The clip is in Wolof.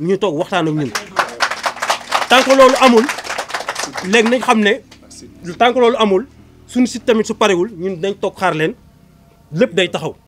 ñu toog waxtaan ak ñun tant loolu amul léegi nañ xam ne tant que loolu amul suñu si tamit su parewul ñun dañ toog xaar leen lépp day taxaw